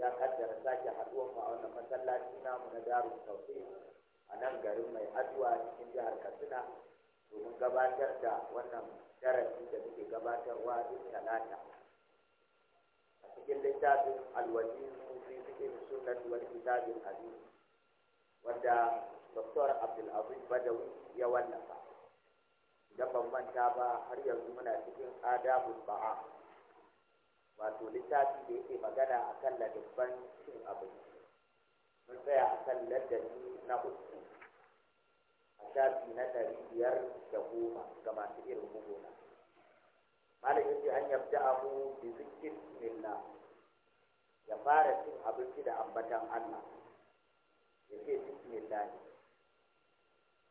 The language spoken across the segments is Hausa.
ya kaddara sake haɗuwar mu a wannan masallaci namu na darun tauhid a nan garin mai aduwa cikin jihar katsina domin gabatar da wannan darasi da muke gabatarwa duk talata a cikin littafin alwaji sufi cikin sunan wani kitabin hadis wanda dr abdulaziz badawi ya wallafa idan ban manta ba har yanzu muna cikin adabul ba'a wato littafi da yake magana a kan ladabban cin abinci mun tsaya a kan ladabi na uku a shafi na ɗari biyar da goma ga masu irin bugona malam yace an yabda abu bi zikir milla ya fara cin abinci da ambatan Allah ya yace bismillah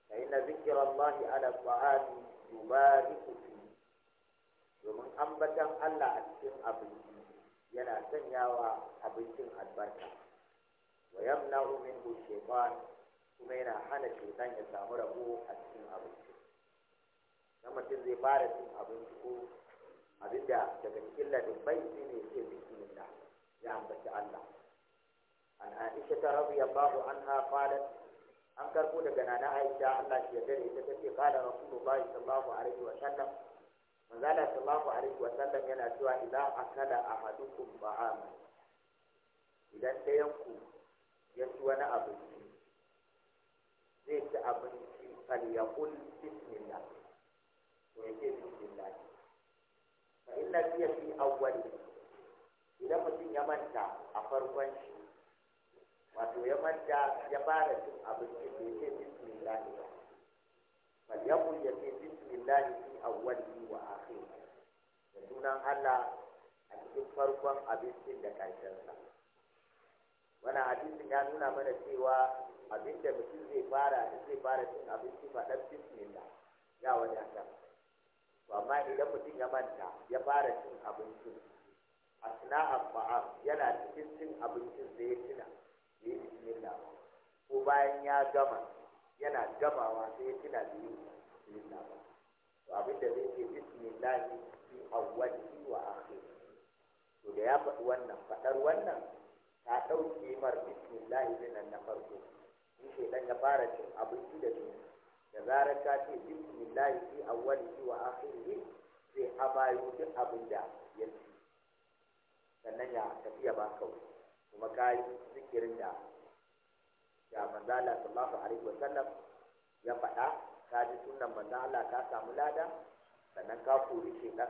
yi na zikirar lahi ala ta'ami yubariku fi domin ambatan Allah a cikin abinci yana sanyawa abincin albarka wa yamna'u minhu shaytan kuma yana hana shaytan ya samu rabo a cikin abinci dan mutum zai fara cin abinci ko abinda daga cikin ladabbai shi ne ke bismillah ya ambaci Allah an Aisha ta babu anha qalat an karbo daga nana Aisha Allah shi ya dare ita take qala rasulullahi sallallahu alaihi wa sallam manzala sallallahu alaihi wa sallam yana cewa idan akala ahadukum ba'ama idan ɗayan ku ya ci wani abinci zai ci abinci falyaqul bismillah to yake bismillah fa inna fiya fi awwali idan mutum ya manta a farkon shi wato ya manta ya fara cin abincin da yake bismillah falyakul ya ce bismillahi fi awwalihi wa akhirihi da sunan Allah a cikin farkon abincin da karshen sa wannan ya nuna mana cewa abinda mutum zai fara zai fara cin abinci ya wadata to amma idan mutum ya manta ya fara cin abincin asna'an ba'am yana cikin cin abincin sai tuna ya yi ko bayan ya gama yana gamawa sai ya tuna da yin bismillah ba to abin da zai ce bismillah fi awwali wa akhir to da ya faɗi wannan faɗar wannan ta ɗauke mar bismillah nan na farko in dan ya fara cin abinci da su da zarar ka ce bismillah fi awwali wa akhirihi sai abayo duk abin da ya ci sannan ya tafiya ba kawai kuma ka yi zikirin da da manzo Allah sallallahu alaihi wa sallam ya faɗa ka ji sunnan manzo Allah ka samu lada sannan ka kori shedan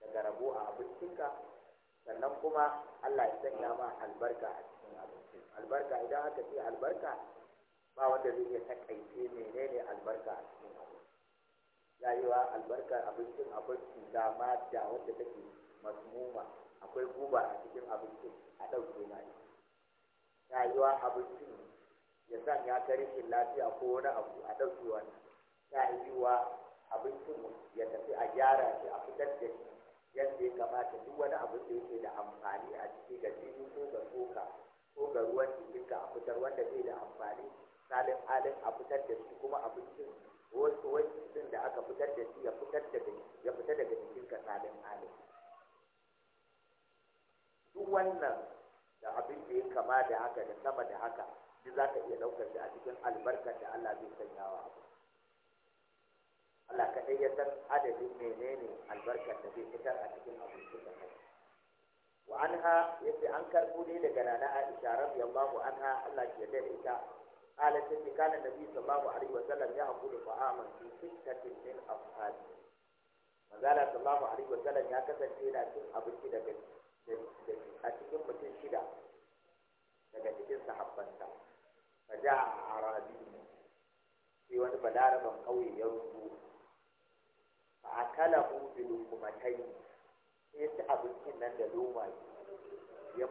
daga rabo a abincinka sannan kuma Allah ya sanya ma albarka a cikin abincin albarka idan aka ce albarka ba wanda zai iya takaice menene albarka a cikin abincin yayewa albarkar abincin akwai cuta da wanda take masmuma akwai guba a cikin abincin a ɗauke na yayewa abincin ya ya ka rikin lafiya ko wani abu a ɗauki wani ta yiwuwa abincin ya tafi a gyara shi a fitar da shi yadda ya kamata duk wani abin da yake da amfani a ciki ga jini ko ga tsoka ko ga ruwan jikinka a fitar wanda zai da amfani salin halin a fitar da shi kuma abincin wasu wasu da aka fitar da shi ya fitar daga ya ka daga jikinka salin halin duk wannan da abin da ya kama da haka da sama da haka shi za ka iya ɗaukar shi a cikin albarkar da Allah zai sanyawa abu Allah kaɗai ya san adadin menene albarkar da zai fitar a cikin abincin da kai wa ha yace an karɓo ne daga nana Aisha an ha Allah ke da ita قالت إن كان النبي صلى الله sallam ya haƙuri طعاما في ستة من أصحابه manzala sallallahu alaihi sallam ya kasance yana cin abinci daga a cikin mutum shida daga cikin sahabbansa fa ja'a arabi sai wani balaraban kauye ya rubu fa akalahu bi lukumatayn sai ta abincin nan da ya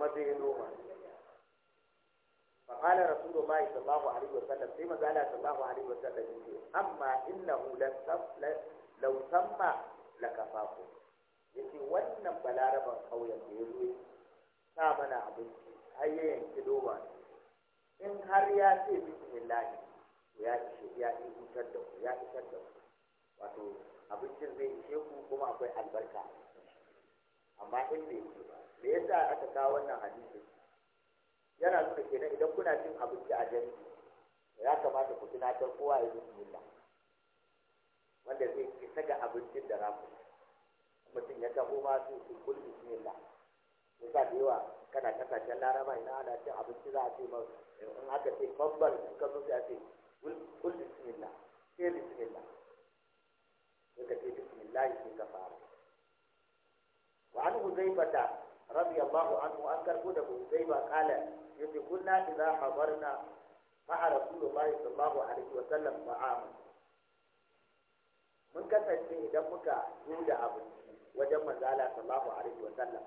فقال رسول الله صلى الله عليه وسلم فيما قال صلى الله عليه وسلم أما إنه لو سمى لكفاكم yace wannan balaraban kauyen da ya zo sa mana abinci har ya yanki noma. har ya ce bismillahi ya ce ya hutar da ku ya isar da ku wato abincin zai ishe ku kuma akwai albarka amma in bai ce ba me yasa aka kawo wannan hadisi yana nuna kenan idan kuna cin abinci a jami'i ya kamata ku tunatar kowa ya bismillah wanda zai isa ga abincin da za ku mutum ya taho ma su kul bismillah yasa da yawa kana kasashen laraba ina ana cin abinci za a ce mai in aka ce babban in ka zo sai a ce kul bismillah ke bismillah sai ka ce bismillah sai ka fara wa an huzaifata radiyallahu anhu an karbo da huzaifa kala yace kunna idza hadarna ma'a rasulullahi sallallahu alaihi wa sallam ta'ama mun kasance idan muka zo da abinci wajen manzala sallallahu alaihi wa sallam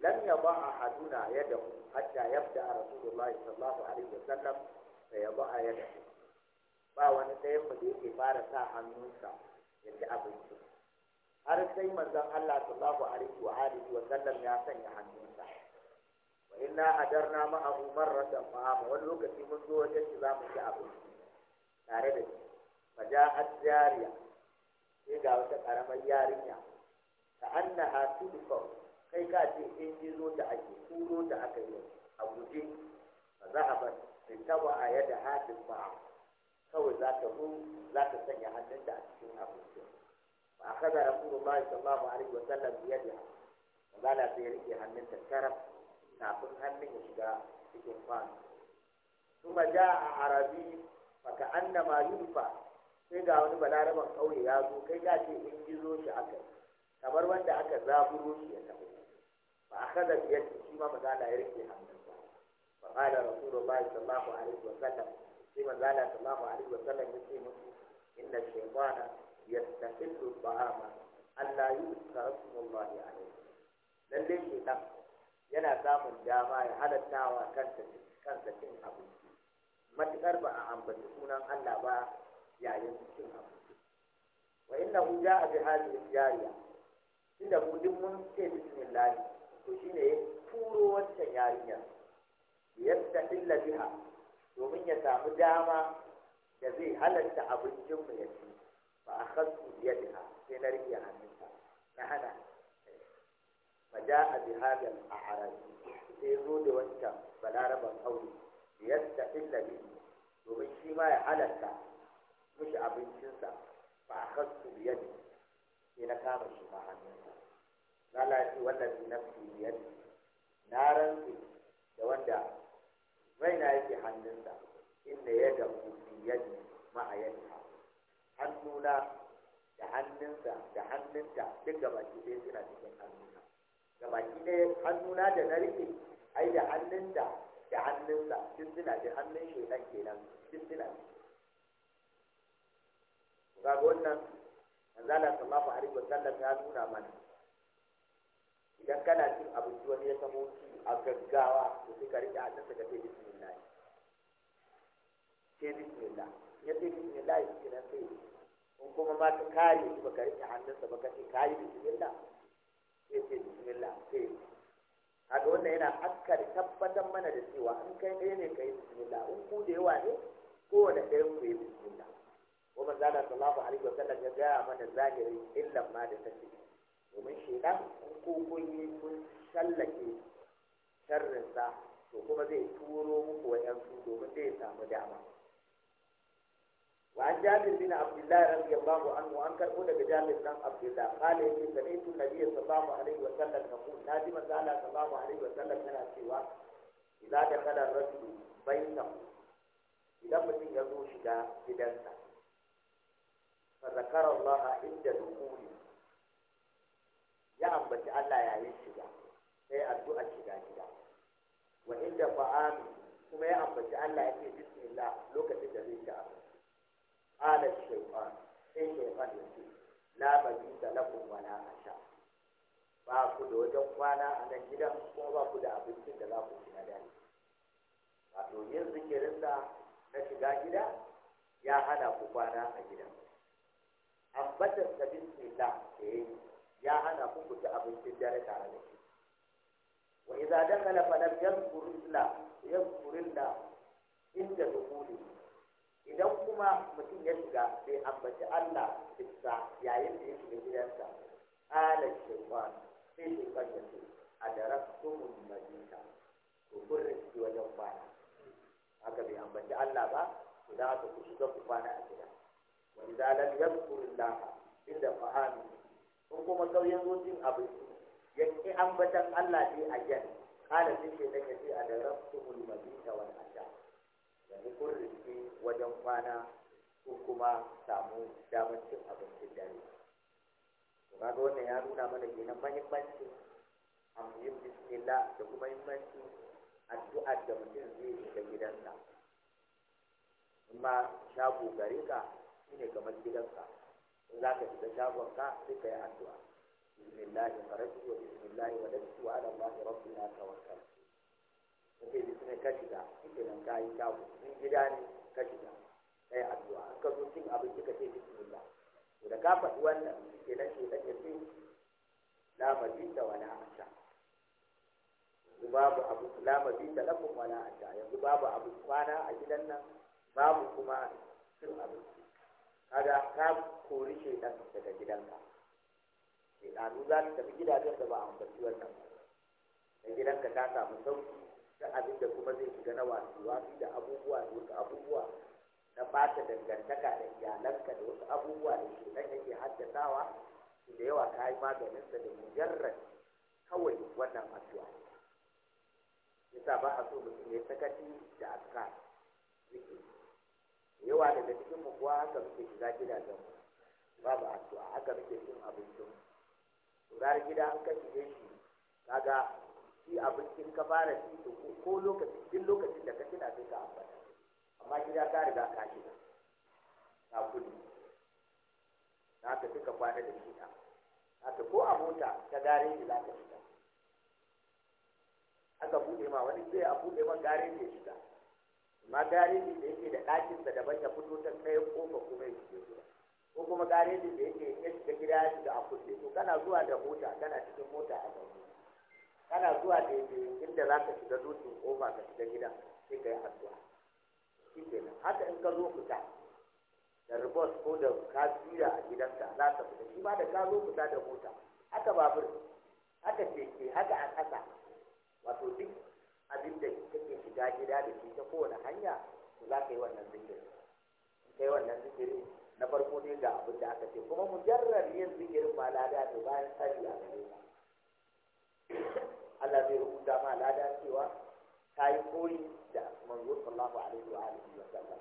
لن يضع أحدنا يده حتى يبدأ رسول الله صلى الله عليه وسلم فيضع يده ba wani ɗayan mu da yake fara sa hannunsa ya ci abinci har sai manzon Allah sallallahu alaihi wa alihi wa sallam ya sanya hannunsa wa inna adarna abu marratan fa wani lokaci mun zo wajen shi za mu ci abinci tare da shi ga wata إذا yarinya. يارية كأنها تدفع kai ka ce in ji zo ta ake kuro ta aka yi a guje a za a bar in taba a yadda hadin ba kawai za ka mu za ka sanya hannunta a cikin abincin ba a kada ba sallallahu alaihi wa ba za magana sai ya rike hannunta karaf kafin hannun ya shiga cikin kwano kuma ja a arabi na annama yufa sai ga wani balaraban kauye ya zo kai ka ce in zo shi aka kamar wanda aka zaburo shi ya tafi فأخذ بيده فيما ba يركي حمدا فقال رسول الله صلى الله عليه وسلم فيما قال صلى الله عليه وسلم يسلم إن الشيطان يستحل الطعام ألا يذكر اسم الله عليه lallai shaitan yana samun dama ya halattawa kansa kansa cin abinci matukar ba a ambaci sunan Allah ba yayin cin abinci wa innahu ja'a bi hadhihi jariya inda mu duk mun ce bismillah to shi ne turo wancan yarinya yadda illa biha domin ya samu dama da zai halarta abincin mu ya ci a akhadtu bi yadiha sai na rike hannunta na hana ba a bi a a'rabi sai zo da wancan balaraban aure yadda illa bi domin shi ma ya halarta mishi abincinsa a kasu bi yadihi ke na kama shi ma hannunsa Allah ce wallazi nafsi biyadi na rantsi da wanda raina yake hannunsa inda ya ga biyadi ma'ayanta hannuna da hannunsa da hannunta duk gabaki ɗaya suna cikin hannuna gabaki ɗaya hannuna da na rike ai da hannunta da hannunsa duk suna da hannun shaitan kenan duk suna ga wannan manzala sallallahu alaihi wasallam ya nuna mana idan kana cin abinci wani ya samu a gaggawa to sai ka rike ta ka ce bismillah ce bismillah ya ce bismillah shi ne sai in kuma ma ka kare shi baka rike hannunsa ba ka ce kayi bismillah sai ce bismillah sai haka wannan yana askar tabbatar mana da cewa in kai ɗaya ne ka yi bismillah in ku da yawa ne kowane ɗaya ku yi bismillah kuma manzala sallallahu alaihi wa sallam ya gaya mana zahirin illan ma da take domin shaidan ko kun yi kun tsallake sharrinsa to kuma zai turo muku waɗansu domin zai samu dama wa an jabir bin abdullahi radiyallahu anhu an karbo daga jabir dan abdullahi qala yake sai tun nabiyyi sallallahu alaihi wa sallam ka ku nabi manzo Allah sallallahu alaihi wa sallam yana cewa idan da kada rasul bayyana idan mutum ya zo shiga gidansa fa zakara Allah inda dukuri ya ambaci Allah ya yayin shiga sai addu'a shiga gida wa inda fa'an kuma ya ambaci Allah ya ce bismillah lokacin da zai ci abinci ala shaytan sai shaytan ya ce la da lakum wala asha ba ku da wajen kwana a nan gidan kuma ba ku da abincin da za ku ci na dare wato yin zikirin da na shiga gida ya hana ku kwana a gidan ambatar sabin bismillah da kafin ku ci abincin dare tare da shi wa idza dakala falam yadhkurilla yadhkurilla inda dukuli idan kuma mutum ya shiga bai ambaci Allah bisa yayin da ya shiga gidansa ala shaytan sai shaytan ya ce adaraktumul madina to kun shi wajen kwana haka bai ambaci Allah ba to da haka ku shiga ku kwana a gida wa idza lam yadhkurillah inda fa'amin in kuma kauyen zo abin ya ƙi Allah ne a yan kala sai ke ya yace a da rabtul mabita wani asha Da kun rike wajen kwana ko kuma samu damar cin abincin dare to kaga wannan ya nuna mana kenan muhimmancin amfani bismillah da kuma muhimmancin addu'ar da mutum zai yi da gidansa in ma shago gare ka shine kamar gidanka za ka fita shagon ka sai ka yi addu'a bismillahi qaratu wa bismillahi wa lakki wa ala allahi rabbina tawakkal in kai bismi ka shiga kike nan ka yi shago in gida ne ka shiga ka yi addu'a in ka zo cin abinci ka ce bismillah to da ka faɗi wannan ke nan shi ɗan yace la mabita wa la asha yanzu babu abu la mabita lakum wa la asha yanzu babu abu kwana a gidan nan babu kuma cin abinci Kada ka kori shaidan daga gidanka shaidanu za su tafi gidajen da ba a ambaci wannan na gidanka ta samu sauki da abin da kuma zai shiga na wasu wasu da abubuwa da wasu abubuwa na bata dangantaka da iyalanka da wasu abubuwa da nan yake haddasawa da yawa ka yi maganinsa da mujarrad kawai wannan addu'a yasa ba a so mutum ya sakati da azkar zikiri yawa daga cikin mu kuwa haka muke shiga gidajen mu babu addu'a haka muke cin abincin mu gara gida an ka shige shi kaga shi abincin ka fara ci to ko lokacin duk lokacin da ka kina sai ka ambata amma gida ka riga ka shiga ka kudu ka duka kwana da shi haka ko a mota ta gare shi za ka shiga aka buɗe ma wani sai a buɗe gare shi ya shiga ma gareji da yake da ɗakinsa daban ya fito ta kai kofa kuma ya shiga gida ko kuma garejin da yake ya shiga gida ya shiga a kulle to kana zuwa da mota kana cikin mota a gaba kana zuwa da inda za ka shiga dutsen kofa ka shiga gida sai ka yi addu'a shi nan haka in ka zo fita da ribos ko da ka juya a gidanka za ka fita shi ma da ka zo fita da mota haka babur haka keke haka a ƙasa wato duk abin da kake shiga gida da shi ta kowane hanya za ka yi wannan zikiri ka yi wannan zikiri na farko ne ga abin da aka ce kuma mujarrar yin zikirin ma lada to bayan tsari a gare ka Allah zai rubuta ma lada cewa ta yi koyi da manzo sallahu alaihi wa alihi wa sallam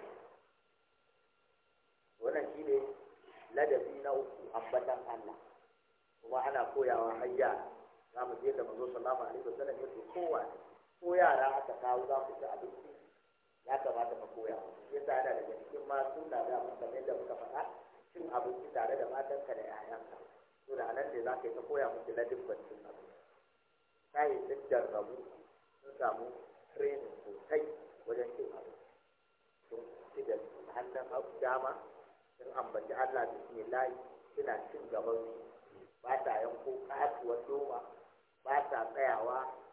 wannan ne ladabi na uku ambatan Allah kuma ana koyawa hayya za mu je da manzo sallahu alaihi wa sallam yake kowa ne ko yara aka kawo za ku ci abinci ya kamata ka koya musu yasa yana daga cikin ma suna da mun kamar yadda muka faɗa cin abinci tare da matanka da 'ya'yanka to da nan ne za ka yi ta koya na ladin cin abinci kayan sun jarrabu sun samu training sosai wajen cin abinci sun ci da hannun dama sun ambaci Allah layi suna cin gaban su ba ta yanko katuwar noma ba ta tsayawa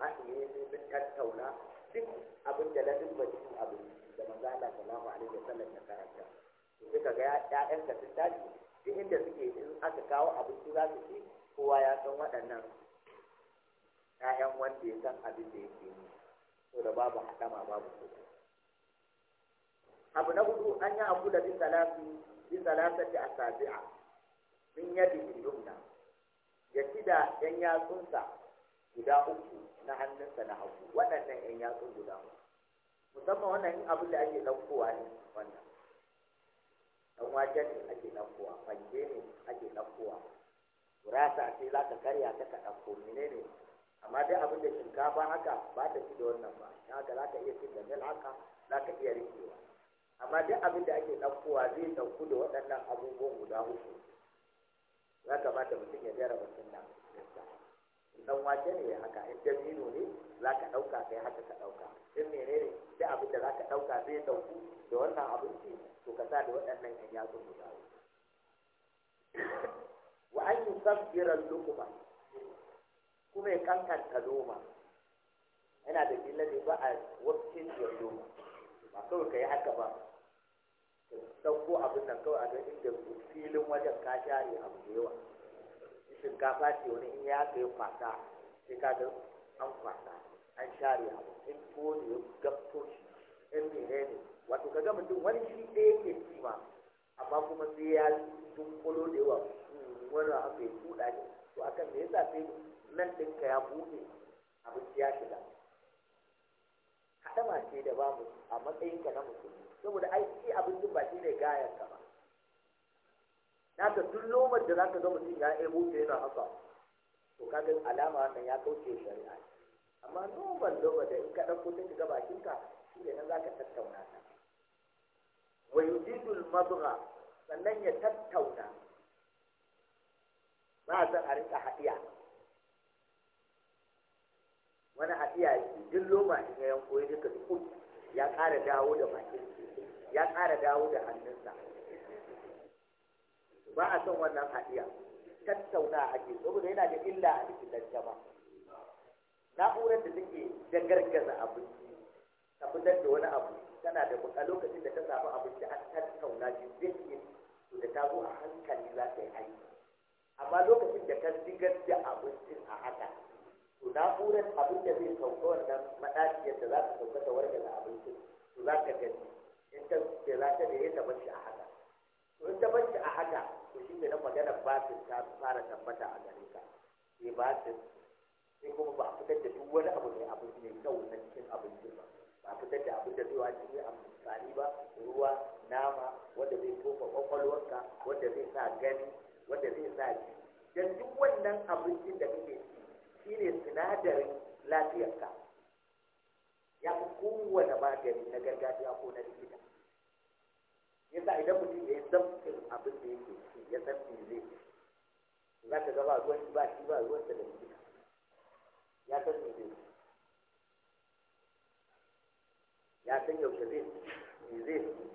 ra'ayi ne sun tattauna duk abin da ladin bacin abin da manzo Allah sallallahu alaihi wasallam ya karanta to sai kaga ƴaƴan ka sun tashi duk inda suke in aka kawo abinci za su ci kowa ya san waɗannan ƴaƴan wanda ya san abin da yake yi to da babu haɗama babu kuma abu na hudu an yi abu da bi salatu bi salatati asabi'a min yadi yumna ya ci da yan yatsunsa guda uku na hannunsa na hagu waɗannan ‘yan yatsun guda musamman wannan yin abin da ake ɗaukowa ne wannan ɗan wajen ne ake ɗaukowa fanke ne ake ɗaukowa gurasa sai za ka karya ta ka ɗauko mene ne amma dai abin da shinkafa haka ba ta fi da wannan ba haka za ka iya cin da mil haka za ka iya rikewa amma dai abin da ake ɗaukowa zai ɗauku da waɗannan abubuwan guda uku ya kamata mutum ya jarraba nan. dan wake ne haka in dabino ne za ka ɗauka kai haka ka ɗauka in ne sai abin da za ka ɗauka zai ɗauku da wannan abinci to ka sa da waɗannan ya yatsun guda wa an yi sabbiran lukuma kuma ya kankanta loma yana da illa ne ba a da loma ba kawai ka yi haka ba ka ɗauko abin nan kawai a ga inda filin wajen ka share abu da yawa shinkafa ce wani in ya haka ya kwasa sai ka ga an kwasa an share abu in ko ne ya gabto shi in mene ne wato ka ga mutum wani shi ɗaya ke ci ma amma kuma sai ya dunkulo da yawa hmm, wani haka ya kuɗa ne to akan me yasa sai nan ɗinka ya buɗe abinci ya shiga hadama ce da ba mu a matsayinka na musulmi saboda ai shi abincin ba shi ne gayan ka ba naka duk lomar da zaka ga mutum ya ebo ta yana haka to kaga alama wannan ya kauce shari'a amma noman loma da in ka ɗauko ta shiga bakinka shi ne nan zaka tattauna ta wa yujidul mabgha sannan ya tattauna ba zan san a rinka haɗiya wani haɗiya yake duk loma in ya yanko ya duka ya ƙara dawo da bakin ya ƙara dawo da hannunsa ba a son wannan haɗiya tattauna ake saboda yana da illa a cikin dancama na'urar da take da gargaza abinci ta fitar da wani abu tana da buka lokacin da ta samu abinci an tattauna shi zai su da ta zo a hankali za ta yi aiki amma lokacin da ka zigar da abincin a haka to na'urar abin da zai sauka wannan maɗaciyar da za ta sauka ta da abincin to za ka gani in ta zai za ta da yadda bashi a haka to in ta bashi a haka inda na magana batin ta fara tabbata a gare ka sai batin sai kuma ba a fitar da duk wani abu mai abu mai kyau na cikin abincin ba ba a fitar da abin da zai wace ne amfani ba ruwa nama wanda zai tofa kwakwalwarka wanda zai sa gani wanda zai sa ji dan duk wannan abincin da kake ci shine sinadarin lafiyarka ya fi kowane magani na gargajiya ko na likita yasa idan mutum ya yi irin abin da yake ci ya san me zai ci za ka gaba a ruwan ba shi ba ruwan da jiki ya san me zai ya san yaushe zai me zai ci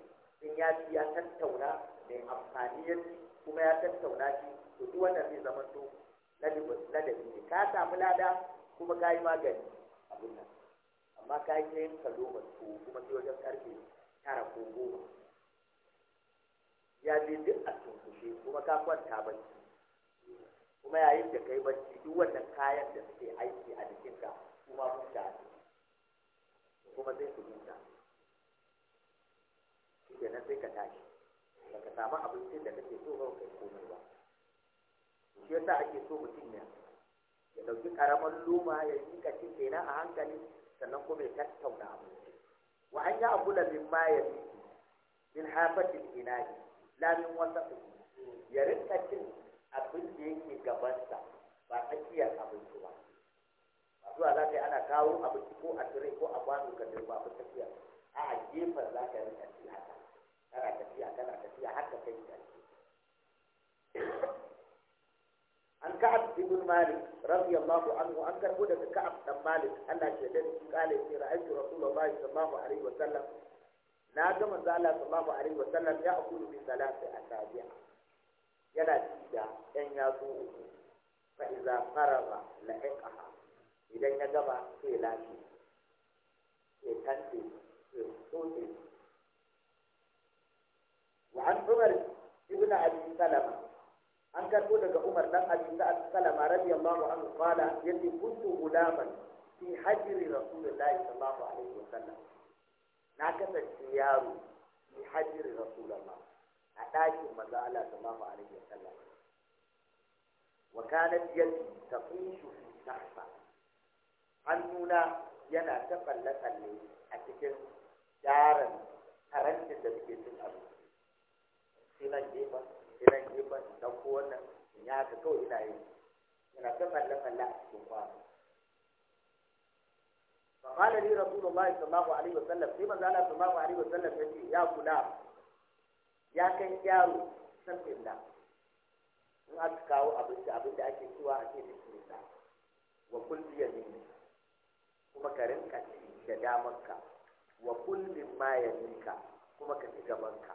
in ya ci ya tattauna mai amfani ya ci kuma ya tattauna shi to duk wannan zai zama to da ne ka samu lada kuma ka yi magani abin nan amma ka yi ne ka zo kuma sai wajen karfe tara ko goma ya je duk a tunkushe kuma ka kwanta bacci kuma yayin da kai bacci duk wannan kayan da suke aiki a jikinka kuma sun shafi kuma sai su huta shi ke nan sai ka tashi ba ka samu abincin da kake so ba kai komai ba shi yasa ake so mutum ya ya ɗauki ƙaramin luma ya yi kacin kenan a hankali sannan kuma ya tattauna abinci wa an yi abu da min ma ya min hafatin inaji lamin wata ya rinka cin abin da yake gabansa ba a tsakiyar abinci ba ba zuwa za ka yi ana kawo abinci ko a tire ko a kwano ka dirba abin tafiya a a gefen za ka rinka ci haka kana tafiya kana tafiya har ka kai ka an ka'ab ibn malik radiyallahu anhu an karbo daga ka'ab dan malik Allah ya shaidar shi kale shi ra'aytu rasulullahi sallallahu alaihi wa sallam na ga manzo Allah sallallahu alaihi wasallam ya akulu bi salati asabi'a yana tida ya yatsu uku fa iza la iqaha idan ya gaba sai lafi sai kanti sai sote wa an umar ibn abi salama an karbo daga umar dan abi sa'ad salama radiyallahu anhu qala yati kuntu gulaman fi hajri rasulillahi sallallahu alaihi wasallam na kasance yaro ni hajjir rasulullah a ɗakin maza Allah a alaihi sallah wa kanat yadi taqishu fi tahfa hannuna yana ta kalle kalle a cikin yaron karantin da suke cin abinci sai nan jefa sai nan jefa dan ko wannan ya haka kawai ina yi yana ta kalle kalle a cikin kwano فقال لي رسول الله صلى الله عليه وسلم فيما زال صلى الله عليه وسلم يقول يا غلام يا كان يارو سمع الله aka kawo abinci ake cewa ake da nisa wa kulli yamin kuma ka rinka ci da damanka wa kullum ma yaminka kuma ka ci gabanka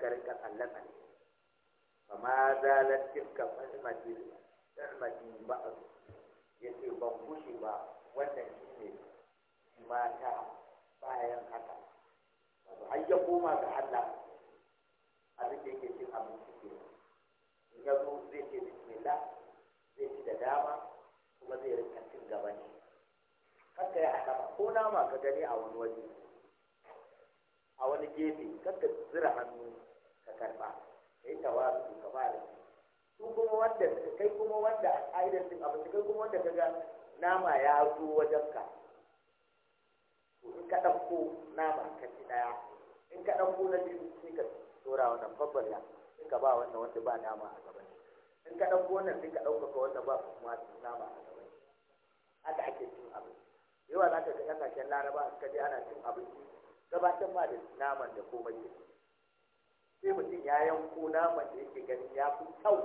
ka rinka tsallaka ne فما زالت تلك نعمتي نعمتي بعد يتي بنبوشي بعد wannan shi ne mata bayan haka wato har ya koma ga Allah abin da yake cin abinci ke in ya zo zai ce bismillah zai ci da dama kuma zai rinka cin gaba ne kanka ya alama ko nama ka gani a wani waje a wani gefe kanka zira hannu ka karba yi tawazu ka fara su kuma wanda kai kuma wanda a idan cin abinci kai kuma wanda ka ga nama ya zo wajen ka in ka ɗauko nama ka ci ɗaya in ka ɗauko na biyu sai ka tsora wannan babban ya sai ka ba wannan wanda ba nama a gaban in ka ɗauko wannan sai ka ɗaukaka wanda ba kuma nama a gaban haka ake cin abinci yawa za ka ga ƙasashen laraba suka je ana cin abinci gabatar ma da naman da komai sai mutum ya yanko naman da yake ganin ya fi kyau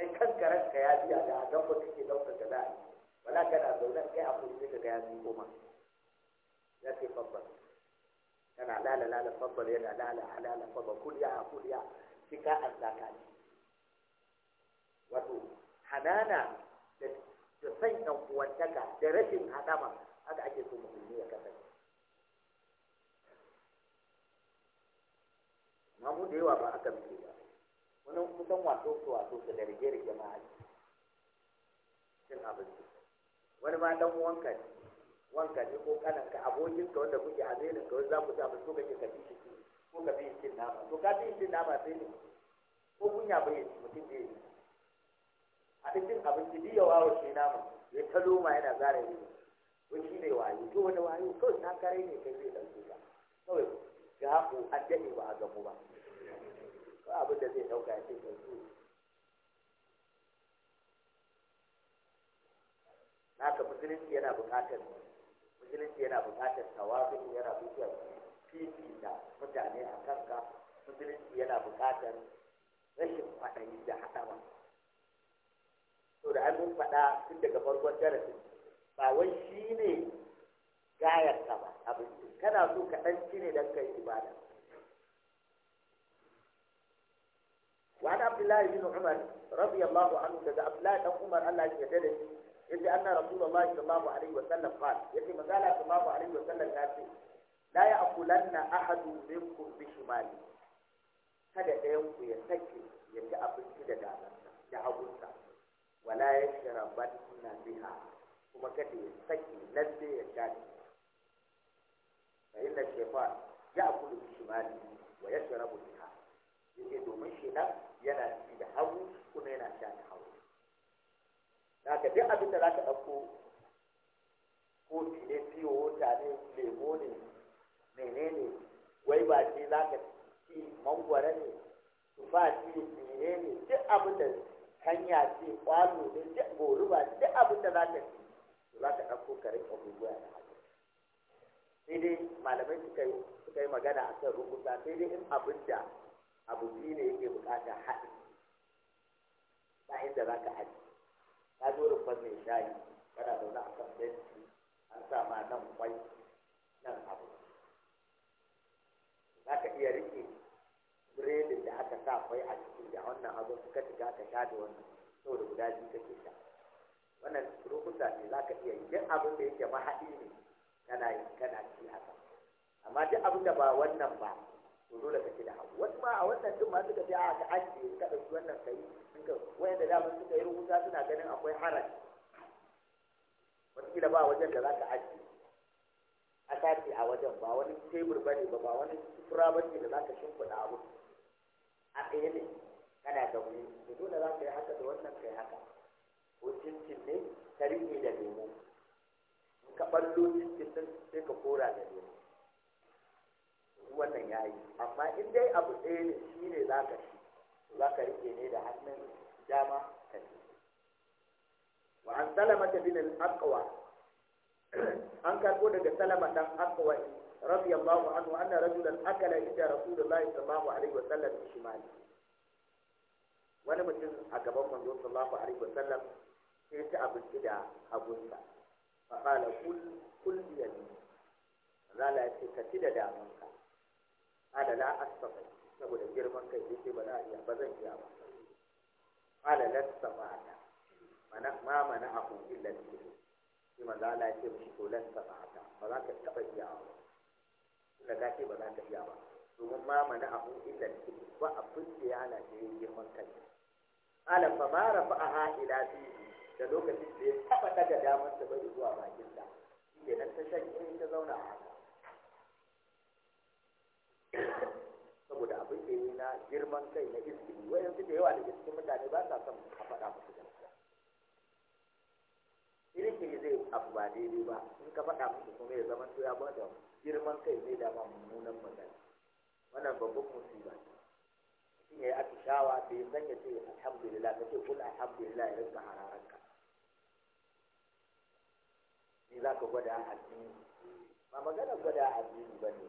sai kanka ranka ya biya da hagan ba kake ɗaukar da za'a yi wala kana zaune kai a kuma ka ya fi koma ya ce fabbal kana lala lala fabbal yana lala halala fabbal a kuliya shi ka an zaka ne wato hanana da san ɗan uwantaka da rashin hadama haka ake so musulmi ya kasance mamu da yawa ba aka mutu ba wani kusan wato su wato su da rige rige ma ake cin abinci wani ma dan wanka ne wanka ne ko kanan ka abokin ka wanda kuke a zainin ka za ku ci abinci ko kake ka bi shi ko ka bi cin nama to ka bi cin nama sai ne ko kunya bai mutum bai yi a cikin abinci biya wawo shi nama ya ta loma yana zara yi wani shi ne wayo to wani wayo kawai na kare ne kai zai ɗauke ka kawai ga haƙo an daɗe ba a gamu ba ba abin da zai ɗauka ya ce na ka musulunci yana buƙatar musulunci yana buƙatar tawazu yana bukatar buƙatar da mutane a kanka musulunci yana bukatar rashin kwaɗayi da haɗawa so da an mun faɗa tun daga farkon darasin ba wai shi ne gayar ka ba abinci kana so ka ɗan ne don kai ibada وعن عبد الله بن عمر رضي الله عنه دجا عبد الله بن عمر الله يجدد يجي أن رسول الله صلى الله عليه وسلم قال يجي مثلا صلى الله عليه وسلم قال لا يأكلن أحد منكم بشماله kada ɗayan ku ya sake ya ci abinci da damarsa da hagunsa wala ya shira ban na biha kuma kada ya sake lalle ya shaɗi fa inna shaytan ya'kulu bi shimali wa yashrabu biha yake domin shaytan yana ci da hagu kuma yana sha da hagu ka duk abin da za ka ɗauko kofi ne fiyo ta ne lemo ne menene wai ba ce za ka ci mangwara ne tufa ce menene duk abin da hanya ce kwano ne duk ba duk abin da za ka ci za ka ɗauko ka rinka guguwa da hagu sai dai malamai suka yi magana a kan rubuta. sai dai in abin da abu biyu ne yake bukatar haɗi ba inda za ka haɗi ka zo rufar mai shayi kana zaune a kan benci an sa ma nan kwai nan abu za ka iya riƙe biredin da aka sa kwai a cikin da wannan abu suka shiga ka sha da wannan saboda guda biyu kake sha wannan lokuta ne za ka iya yi abin da yake mahaɗi ne kana yi kana ci haka amma duk abin da ba wannan ba dole ka ci da hagu wasu ma a wannan din ma suka ce a ka ajiye suka ɗauki wannan kai suka wayanda da suka yi rubuta suna ganin akwai haram kila ba wajen da za ka ajiye a tafi a wajen ba wani tebur ba ne ba ba wani sufura ba ne da za ka shimfiɗa abu a ɗaya ne kana da wuri to dole za ka yi haka da wannan kai haka ko cincin ne ka riƙe da lemu in ka ɓallo cincin sai ka kora da lemu. wannan ya yi amma in dai abu ɗaya ne shi ne za ka shi, za ka rike ne da hannun dama ka ci wa an ta bin al-aqwa an karbo daga salama dan aqwa radiyallahu anhu anna rajulan akala inda rasulullahi sallallahu alaihi wa sallam bi shimali wani mutum a gaban manzo sallallahu alaihi wa sallam sai ta abinci da hagunsa fa qala kul kul bi yamin Allah ka ci da damanka ala la astati saboda girman kai ce ba za a iya ba zan iya ba ala la sabata mana ma mana aku illa billah sai manzo Allah ya ce mishi to la sabata ba za ka taba iya ba da ka ce ba za ka iya ba domin ma mana aku illa billah ba abin da ya halace girman kai ala fa ma rafa'aha ila bihi da lokacin da ya taba daga damar ta bai zuwa bakin ta kenan ta shan ta zauna a haka saboda abin da yi na girman kai na izini wayansu da yawa daga cikin mutane ba sa son a faɗa musu gaskiya kiri zai abu ba daidai ba in ka faɗa musu kuma ya zama to ya ba da girman kai zai dama mummunan magana wannan babban musiba ce shi ne atishawa da ya sanya ce alhamdulillah ka ce kun alhamdulillah ya rinka hararanka ni za ka gwada addini ba magana gwada addini ba ne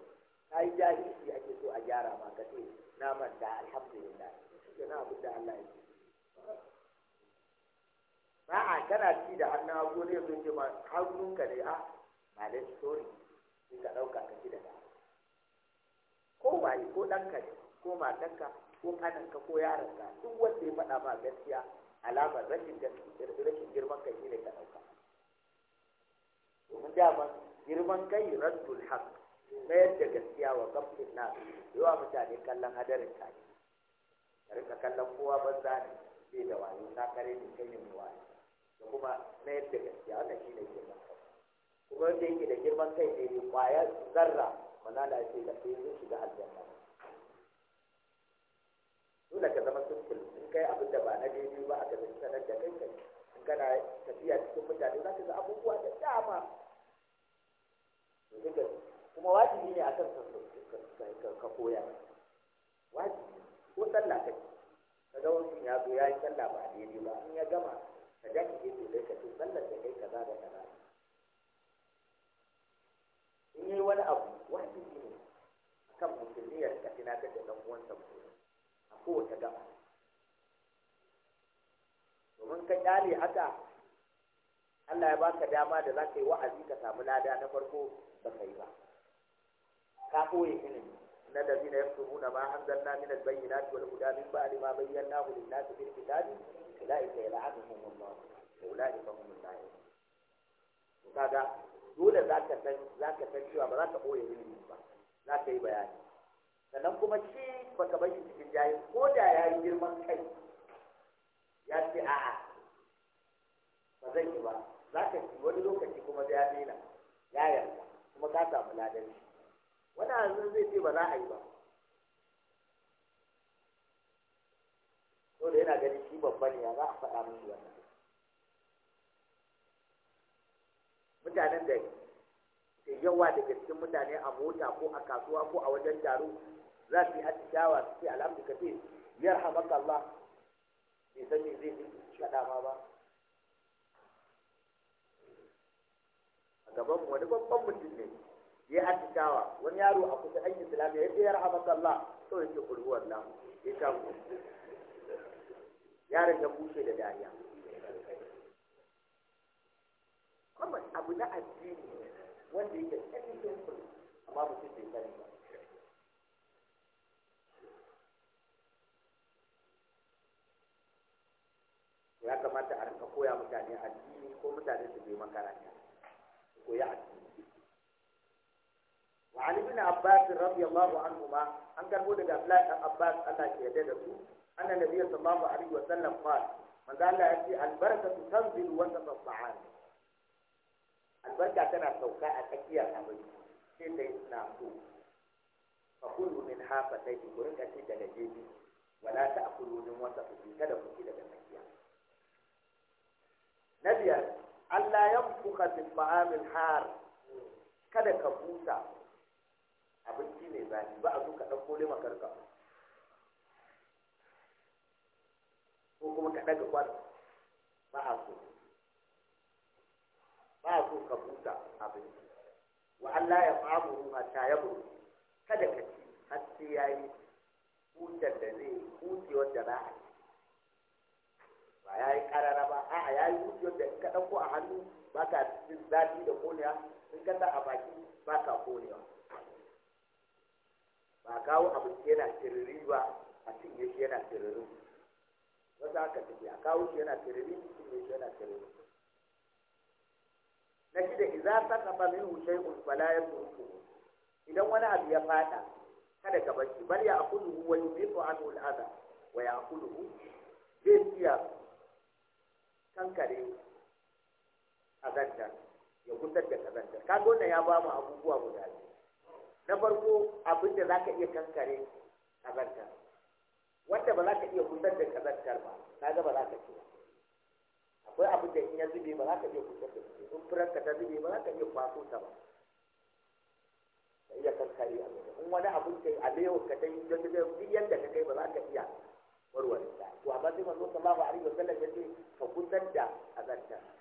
ka yi jahilci ake so a gyara ma ka ce na manta alhamdulillah shi na abin da Allah ya ce ba a kana ci da hannun hagu ne sun ce ma hannunka ne ah, a malin story sai ka ɗauka ka ci da ta ko waye ko ɗanka ne ko matanka ko kananka ko yaranka duk wanda ya faɗa ma gaskiya alamar rashin rashin girman kai ne ka ɗauka domin daman girman kai raddul haqq mayar da gaskiya wa gamfin na yawa mutane kallon hadarin ta ne ka rika kallon kowa banza ne zai da wayo na kare ne kai ne mai wayo da kuma mayar da gaskiya wannan shi ne girman kai kuma wanda yake da girman kai ne ne kwayar zarra manala ya ce da kai sun shiga aljanna dole ka zama simple in kai abin da ba na daidai ba a gaban sanar da kai kai in kana tafiya cikin mutane za ka ga abubuwa da dama to kuma wajibi ne akan ka koya wajibi ko sallah ka ga wani ya zo ya yi sallah ba daidai ba in ya gama ka ja ki gefe dai ka ce sallar da kai kaza da kaza in yi wani abu wajibi ne akan musulmi ya rika tunatar da ɗan a kowace gama domin ka ƙyale haka Allah ya baka dama da za ka yi wa'azi ka samu lada na farko ba ka yi ba ka ɓoye ilimi na da zina yanzu muna ma an zanna min albayyana wal huda min ba'di ma bayyana hu lin nas bil kitabi ulaika yal'anuhum Allah wa ulaika hum al-lahin kaga dole zaka san zaka san cewa ba za ka ɓoye ilimi ba za ka yi bayani sannan kuma shi baka bar shi cikin jayi ko da ya yi girman kai ya ce a'a ba zai yi ba za ka ci wani lokaci kuma da ya daina ya yarda kuma ka samu ladan shi wani azan zai ce ba za a yi ba dole yana ganin shi babba ne ya za a faɗa musu wannan mutanen da ke yawa daga cikin mutane a mota ko a kasuwa ko a wajen taro za su yi atishawa su ce alhamdu ka ce hamaka Allah bai san me zai shaɗa ma ba a gaban wani babban mutum ne ya kawa wani yaro a kusa an islam ya ce ya rahama Allah to yake kulhu nan ya ta ku yaron ya bushe da dariya kuma abu na addini wanda yake cikin kulhu amma mutum bai sani ba ya kamata a rinka koya mutane addini ko mutane su je makaranta koya addini Ali bin Abbas radiyallahu anhu ma an karbo daga Abdullahi bin Abbas Allah ke yarda da su anna nabiyyu sallallahu alaihi wa sallam qala manzo Allah ya ce albarakatu tanzilu wa tatfa'an albarka tana sauka a tsakiyar abinci sai dai na so fa kullu min hafa sai ku rinka ce daga jeji wala ta'kulu min wasafi kada ku ci daga tsakiya na Allah ya fuka bil ma'amil har kada ka busa abinci mai zafi ba a zo ka ɗauko lema karka ko kuma ka ɗaga kwano ba a so ba a so ka buta abinci wa Allah ya famu hatta ya buru kada ka ci har sai ya yi hutar da zai huce wanda za a ci ba ya yi ƙarara ba a'a ya yi huce wanda in ka ɗauko a hannu ba ka zafi da koniya in ka sa a baki ba ka koniya ba kawo abinci yana tiriri ba a cinye shi yana tiriri wasu ka tafi a kawo shi yana tiriri cinye shi yana tiriri na shida idan min minhu ulfala ya turku idan wani abu ya fada kada ka bashi bar ya akulu wa yubitu anhu al-adha wa ya akuluhu zai iya kankare kazantar ya gusar da kazantar kaga wannan ya ba mu abubuwa guda biyu na farko abin da za ka iya kankare ƙazantar wanda ba za ka iya kusar da ƙazantar ba na ga ba za ka ci akwai abin da in ya zube ba za ka iya kusar da shi in furanka ta zube ba za ka iya kwaso ta ba ka iya kankare a abin in wani abin kai a yau ka ta yi don duk yadda ka kai ba za ka iya warware ta to amma sai manzo sallallahu alaihi wasallam ya ce ka kusar da ƙazantar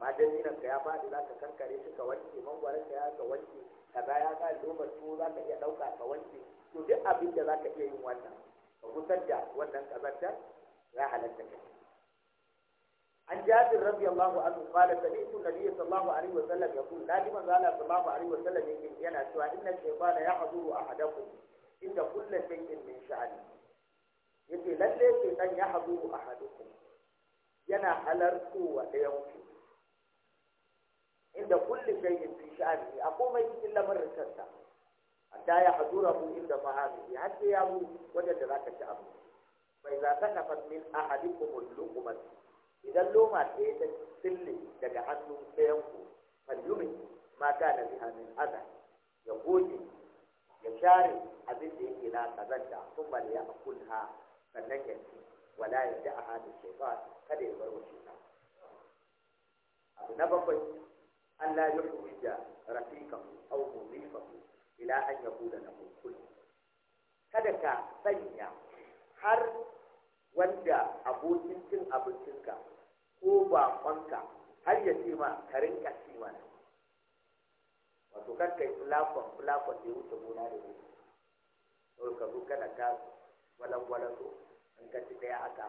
madannin ka ya faɗi za ka kankare shi ka wanke mangwaran ka ya ka wanke ka za ya ka loma su za ka iya ɗauka ka wanke to duk abin da za ka iya yin wannan ka kusan da wannan kazanta ya halatta ka an jabir rabbi allahu anhu qala sami'tu nabiy sallallahu alaihi wa sallam yaqul nabi man zala sallallahu alaihi wa sallam ya yana cewa inna shaytana yahduru ahadakum inda kulli shay'in min sha'ani yace ya haɗu a hadaku, yana halartowa da yawanci inda kullu yin fi sha'ani a komai cikin lamarin a hatta ya hadura mu inda fahimi ya ce ya mu wajen da zaka ci abu bai za ta kafa min ahadikum al-luqmat idan loma yi ta sille daga hannun ɗayan ku falyumi ma na bi hannun adha ya goge ya share abin da yake na kazanta sun bal ya ha sannan ya ci wala ya ji a hannun shaytan kada ya bar wa ta. abu na bakwai an la yuhrija rafiqahu aw mudhifahu ila an yaqula lahu kun kada ka sanya har wanda abokin cin abincinka ko ba baƙonka har ya ce ma karin ka rinka ci mana wato kan kai fulakon fulakon da ya wuce gona da wuce sau ka zo kana ta walan walan so in ka ci ɗaya aka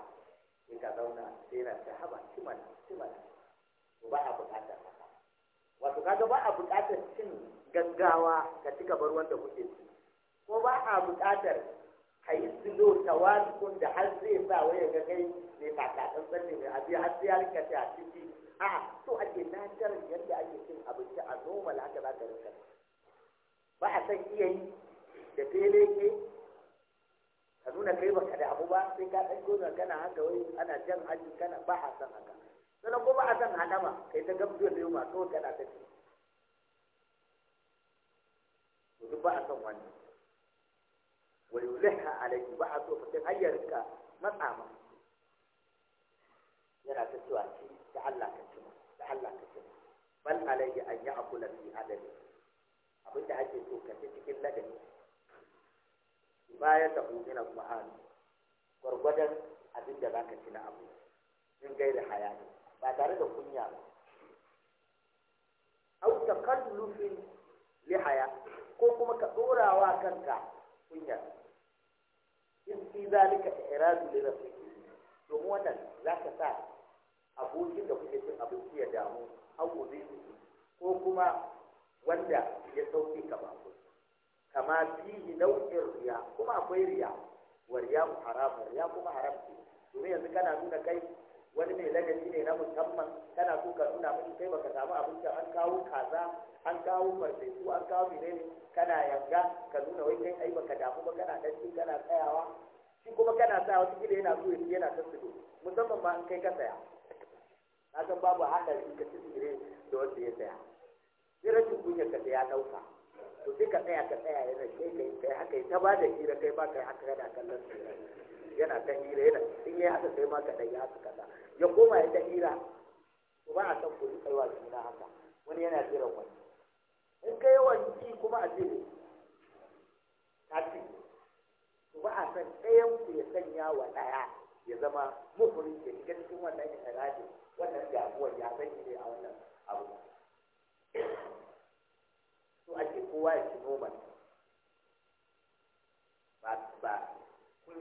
sai ka zauna sai na ta haba ci mana ci mana ba a buƙatar wato kaga ba a buƙatar cin gaggawa ka ci gabar wanda kuke ci ko ba a buƙatar ka yi silo tawalikun da har zai sa waya ga kai ne ba kaka tsantsan ne mai biya har sai ya rika ta a ciki a so ake natar yadda ake cin abinci a normal haka za ka rinka ba a san iya yi da fele ke ka nuna kai baka da abu ba sai ka ɗan gona kana haka wai ana jan hajji kana ba a san haka sannan kuma a san hadama kai ta gamsu da yunwa kawai kana ta ce duk ba a san wani wa yuliha alayhi ba a so mutum har ya ka matsa ma yana ta cewa ci da Allah ka ci da Allah ka ci bal alayhi an ya'kula fi adadi abin da ake so ka ci cikin ladabi baya ta umina kuma hannu gwargwadon abin da za ka ci na abu in da hayani ba tare da kunya ba au takallufin lihaya ko kuma ka dorawa kanka kunya in fi zalika iradu li rafi domin wannan zaka sa abokin da kuke cin abinci ya damu au ko kuma wanda ya sauke ka ba kama fihi nau'in riya kuma akwai riya wa riya haramun riya kuma haram ce domin yanzu kana nuna kai wani mai ladabi ne na musamman kana so ka nuna mini kai baka samu abinci an kawo kaza an kawo farfesu an kawo menene kana yanga ka nuna wai kai ai baka damu ba kana dace kana tsayawa shi kuma kana sa wata kila yana so yana sassudo musamman ma kai ka saya san babu shi ka ci tsire da wanda ya saya sai rashin kunya ka ya ɗauka to sai ka tsaya ka tsaya yana kai kai haka ta ba da hira kai ba kai haka kana kallon tsira yana ta hira yana in yi haka sai ma ka ɗan haka kaza ya koma ya ta hira to ba a san ku kai wa juna haka wani yana jira wani in kai wanki kuma a ce ta ci to ba a san ɗayan ku ya sanya wa ɗaya ya zama mukurin ke, shiga cikin wannan ya ihrajin wannan damuwar ya sani ne a wannan abu to ake kowa ya ci noman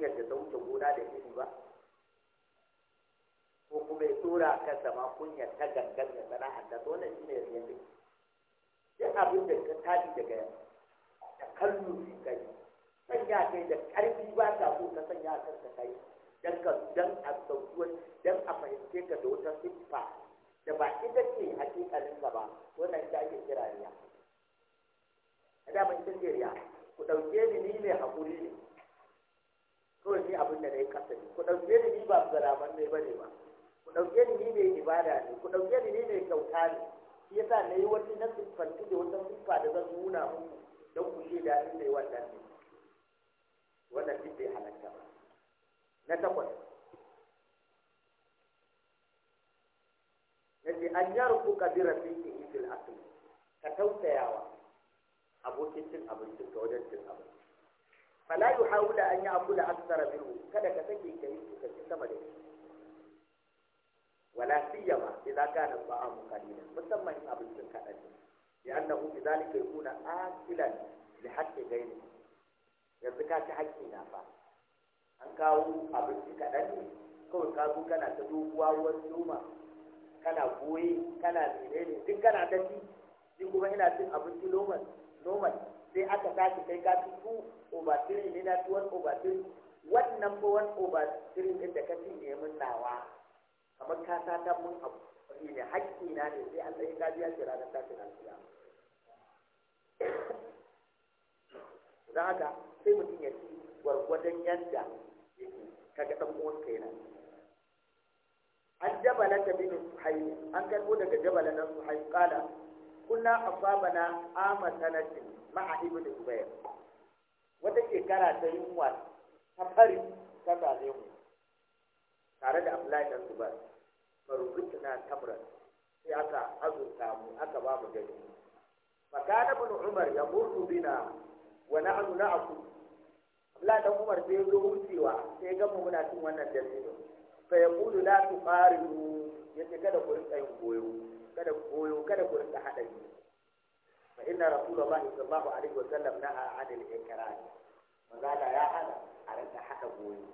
hanyar da ta wuce gona da iri ba ko kuma ya tura kan zama kunyar ta gangan da sana'ar da dole shi ne ya yi ya abin da ka tashi daga da shi kai sanya kai da ƙarfi ba ta so ka sanya kanka kai dan ka dan a sauƙuwar dan a fahimce ka da wata siffa da ba ita ce hakikalin ka ba wannan ita ake kira riya a dama ita ce riya ku ɗauke ni ni ne haƙuri ne kawai ni abin da na yi kasa ne ku ɗauke ni ni ba zaraman ne ba ne ba ku ɗauke ni ni mai ibada ne ku ɗauke ni ni mai kyauta ne shi yasa na yi wani na siffanci da wata siffa da zan nuna muku don ku ce da ni yi wannan ne wannan duk bai halatta ba na takwas na ce an yaro ko kabiran sun ke isil asali ka tausayawa abokin cin abincin ka wajen cin abinci hau da an yi ya'kula akthara minhu kada ka sake kai ka ci sama da shi wala siyama idza kana ta'amu qalilan musamman abincin kadan ne li'annahu bidhalika yakuna akilan li haqqi ghayri yanzu ka ci haƙƙi na an kawo abinci kaɗan ne kawai ka zo kana ta doguwa ruwan noma kana goye kana menene duk kana ta ci kuma ina cin abinci normal normal sai aka tashi kai ka ci 2 over ne na tuwon obatiri 3 wannan ba obatiri ne da ka ci ne mun nawa kamar ka ta mun abu ne haƙƙi na ne sai an tsaye ka biya shi ranar tashin alƙiyama don haka sai mutum ya ci gwargwadon yadda ga ɗan uwan kai na an jabala ta bi bin suhaib an karɓo daga jabala na suhaib kala kuna a babana ama sanatin ma'a ibn zubair wata shekara ta yunwa ta fari ta same mu tare da abdullahi dan zubair na tamra sai aka azurta mu aka ba mu gani fakana bin umar ya murru bina wa na'nu na'ku abdullahi dan umar sai zo wucewa sai ga mu muna cin wannan dabino fa yaqulu la tuqaribu yace kada ku rinka yin goyo kada ku goyo kada ku rinka haɗari. fa inna rasulullahi sallallahu alaihi wa sallam naha anil ikrar mazala ya hana a rinka hada goyi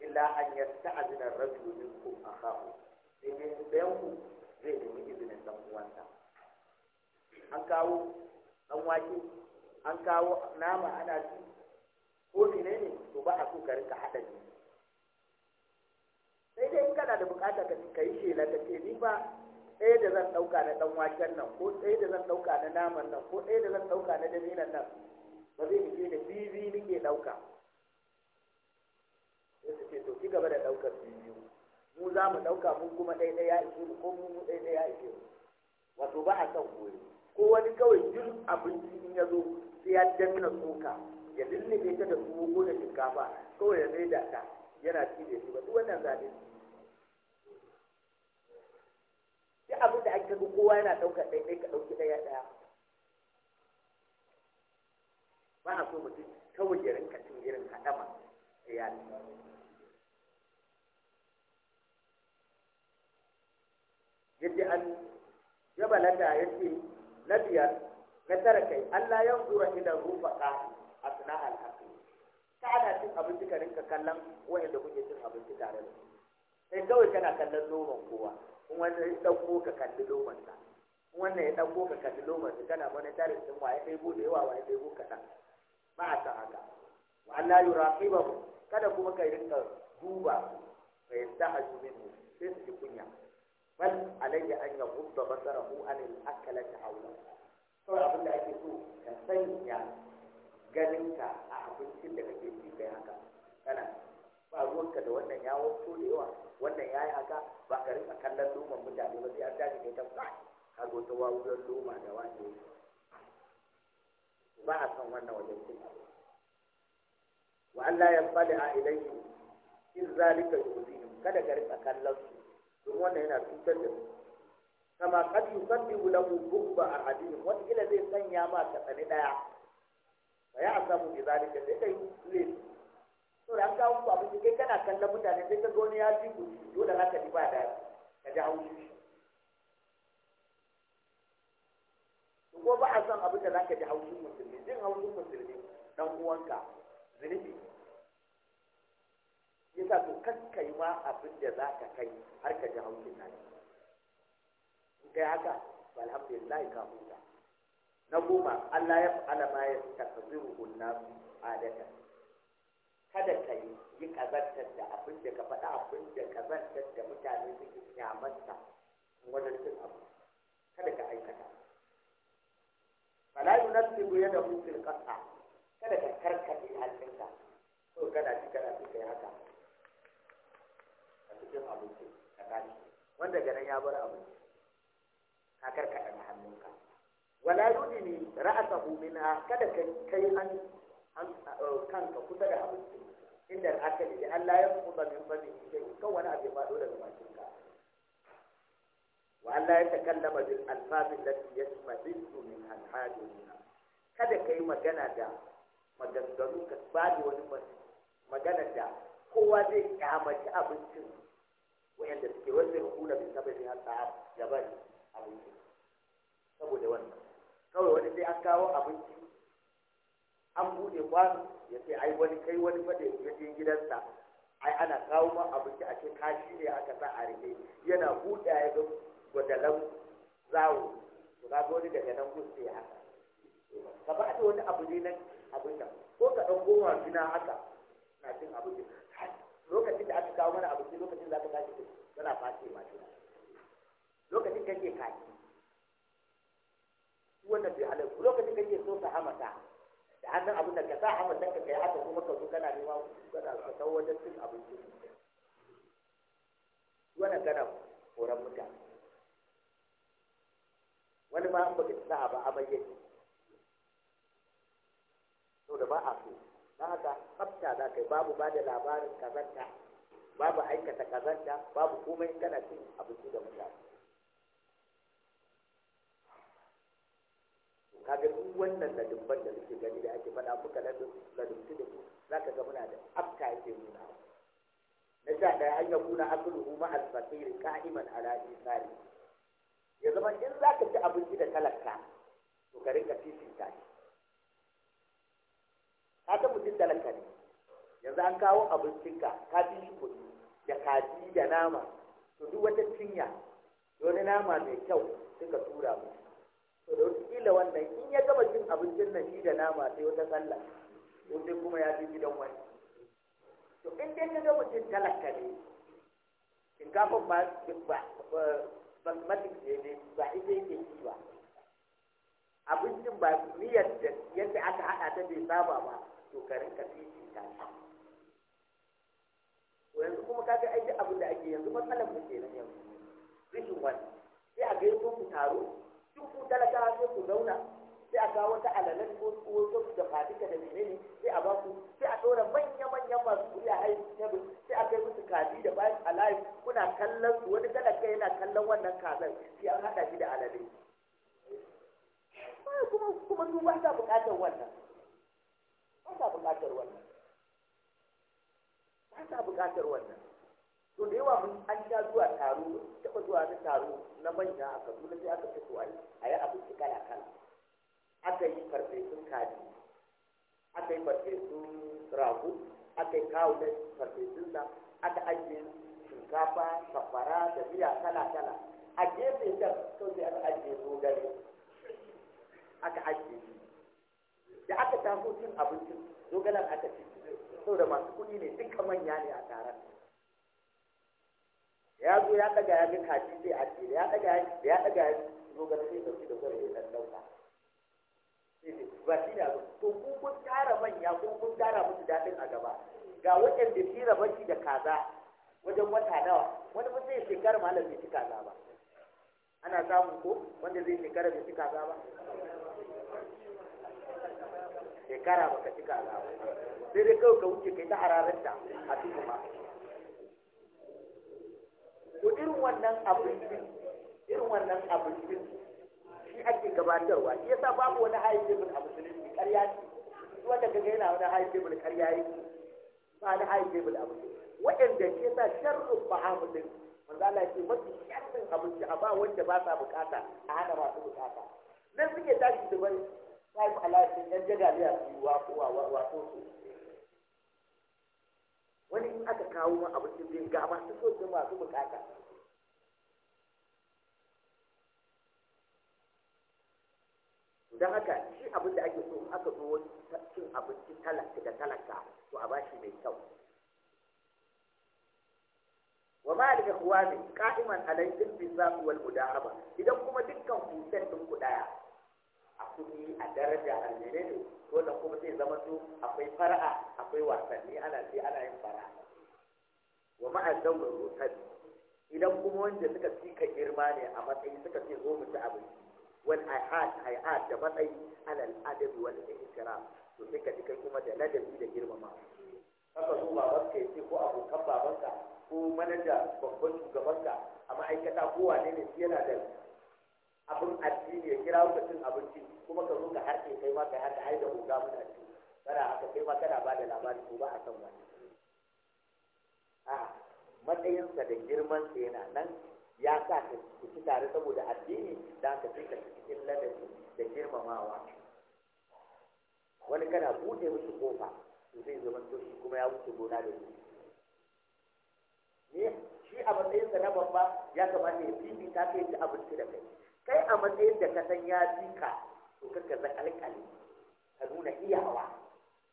illa an yasta'zina ar-rajulu minkum akhahu sai dai dayan ku zai nemi izinin dan uwansa an kawo dan wake an kawo nama ana ci ko ne ne to ba a so ka rinka hada jini sai dai in kana da bukata ka yi shela ka ce ni ba ɗaya da zan ɗauka na ɗan waken nan ko ɗaya da zan ɗauka na naman nan ko ɗaya da zan ɗauka na dabinan nan ba zai fice da bibi nake ɗauka sai su ce to ci gaba da ɗaukar bibi mu za mu ɗauka mu kuma ɗaya ya ishe mu ko mu mu ɗaya ya ishe mu wato ba a son goyi ko wani kawai jin abinci in ya zo sai ya danna tsoka ya lullube ta da tsoko da shinkafa kawai ya mai da ta yana ci da shi ba duk wannan zaɓe ne. duk abin da ake ga kowa yana ɗaukar ɗaiɗai ka ɗauki ɗaya ɗaya ba a so mutum kawai ya rinka cin irin haɗama da yaki yadda an jabala da ya ce na biyar na tara kai Allah ya zura rufa ka a suna alhaƙi ka ana cin abinci ka rinka kallon wanda kuke cin abinci tare da su sai kawai kana kallon noman kowa wannan ya ɗauko ka kalli lomansa wannan ya ɗauko ka kalli lomansa kana mana tarin ɗin waye ɗaibo da yawa waye ɗaibo kaɗan ba a san haka wa Allah yi raƙiba mu kada kuma ka rinka duba fa yasta haju min mu sai su ji kunya bal alayya an basara hu an al ta hawla to abin da ake so ka sanya ganinka a abincin da kake ci kai haka kana ba ruwanka da wannan ya wato da yawa wannan ya yi haka ba ka rika kallon loman mutane ba sai an tashi ne ta kai ka zo ta wawuyar loma da wani ba a san wannan wajen cin abu wa Allah ya fadi a ilayhi in zalika yuzihim kada ka rika kallon su don wannan yana cutar da su kama kad yusabbihu lahu bukba ahadihim wani ila zai sanya ma ka tsani daya fa ya asabu bi zalika sai kai zai to da an kawo muku abinci kai kana kallon mutane sai ka gani ya fi dole za ka ji ba da ka ji haushi ko ba a son abin da za ka ji haushin musulmi jin haushin musulmi dan uwanka zunubi sa to kakkai ma abin da za ka kai har ka ji haushin nan in kai haka alhamdulillah ka huta na goma Allah ya fi alama ya takziru kunna adatan kada ka yi yi kazantar da abin da ka faɗa abin da kazantar da mutane suke kyamarta wajen cin abu kada ka aikata fala yunasibu yadda hukun ƙasa, kada ka karkace hannunka ko kana ci kana ci kai haka a cikin abinci ka gani wanda ganin ya bar abinci ka karkata da hannunka wala yudini ra'asahu minha kada ka kai an eh, kanka kusa da abinci inda yi da Allah ya kuma min bani shi kan wani abu ba dole da bakin ka wa Allah ya takallama bil alfazin lati yasmadu min alhadina kada kai magana da maganganu ka bada wani magana da kowa zai kyamaci abincin wayanda suke wanda rukuna bin sabai har ta ya bari abinci saboda wannan kawai wani sai an kawo abinci an bude kwano ya ce ai wani kai wani fada ya ya gidansa ai ana kawo ma abinci a ce kashi ne aka sa a rike yana buɗe ya ga gwadalan zawo to ga wani daga nan ku sai haka ka ba da wani abu ne nan abin nan ko ka ɗan goma gina haka na cin abinci lokacin da aka kawo mana abinci lokacin za ka tashi cin yana fashe ma jina lokacin kake kaki wannan bai halar lokacin kake so ka hamata da hannun abin da ka sa haɓar da ka kai haka kuma ka zo kana nema kana kasar wajen cin abinci wannan gana koran mutane wani ma an ta sa'a ba amai yake to da ba a so Na haka tsafta za ka yi babu ba da labarin kazanta babu aikata kazanta babu komai kana cin abinci da mutane kaga duk wannan ladubban da suke gani da ake faɗa muka ladubtu da su za ka ga muna da afta yake nuna na sha ɗaya an ya kuna asuluhu ma alfasiri ka'iman ala isari ya zama in za ka ci abinci da talaka to ka rinka fifita shi ka ta mutum talaka ne yanzu an kawo abincinka ka fi shi kuɗi da kaji da nama to duk wata cinya wani nama mai kyau suka tura mu to da wata wannan in ya gama cin abincin nan shi da nama sai wata sallah ko sai kuma ya fi gidan wani to in dai ka gama cin talaka ne shinkafin ba ba mathematics ne ne ba ita yake ci ba abincin ba niyyar da yadda aka haɗa ta bai saba ba to ka rinka ta shi yanzu kuma ka ga aiki abin da ake yanzu matsalar mu kenan yanzu Rikin wani sai a ga yanzu taro duku talaka sai ku zauna sai a kawo ta alalan ko wasu da fatika da menene sai a baku sai a dora manya-manyan masu kuri a haiti tebur sai a kai musu kaji da bayan alayi kuna kallon su wani talaka yana kallon wannan kazan sai an haɗa shi da alalai kuma kuma su ba sa buƙatar wannan ba sa buƙatar wannan ba sa buƙatar wannan to da yawa mun an ja zuwa taro taɓa zuwa na taro na manya a kaduna sai aka fito ayi a yi abinci kala kala aka yi farfesun kaji aka yi farfesun rago aka yi kawo da farfesun sa aka ajiye shinkafa safara da miya kala kala a gefe da sau sai aka ajiye dogare aka ajiye da aka taso cin abincin dogalan aka ci saboda masu kuɗi ne duka manya ne a taron ya zo ya daga ya ga kaji sai a ce ya daga ya daga ya zo ga sai dauki da gore ya dan dauka ba shi da ko kun kun tara manya ko kun tara musu dadin a gaba ga waɗanda shi rabanci da kaza wajen wata nawa wani ba sai shekara malam bai ci kaza ba ana samun ko wanda zai shekara bai ci kaza ba shekara baka ci kaza ba sai dai kawai ka wuce kai ta hararinta a cikin ma to irin wannan abincin irin wannan abincin shi ake gabatarwa shi yasa babu wani high table a musulunci ƙarya ce wanda kaga yana wani high table ƙarya yake ba na high table a musulunci waɗanda ke sa sharrin musulunci manzo Allah ce mafi sharrin abinci a ba wanda ba sa bukata a hana masu bukata nan suke tashi da bai sai Allah ɗan yan jagaliya su yi wa wa wa so wani in aka kawo ma abincin zai ga masu so masu bukata don haka shi abin da ake so aka zo wani cin abinci talaka da talaka to a bashi mai kyau wa ma kuwa ne ka'iman alaikin din bizaku wal mudaraba idan kuma dukkan kusan ɗin ku ɗaya? a kuɗi a daraja a menene dole kuma zai zama to akwai fara'a akwai wasanni ana ce ana yin fara'a wa ma'a zaunar idan kuma wanda suka ka girma ne a matsayi suka ce zo mu ci abinci wal ahad hayat da matsayi alal adab wal ihtiram to sai ka dika kuma da ladabi da girmama haka zo baban ya ce ko abokan babanka ko manaja babban shugabanka a ma'aikata kowa ne ne yana da abin addini ya kira ka cin abinci kuma ka zo ka harke kai ma ka haka ai da huga mutane kana haka kai ma kana ba da labari ko ba a san wani a matsayinsa da girman sa yana nan ya sa ka ci tare saboda addini da ka ci ka cikin ladabi da girmamawa wani kana buɗe musu kofa to zai zama to shi kuma ya wuce gona da shi ne shi a matsayinsa na babba ya kamata ya fifita kai ci abinci da kai kai a matsayin da ka san ya fi ka to kanka za alƙali ka nuna iyawa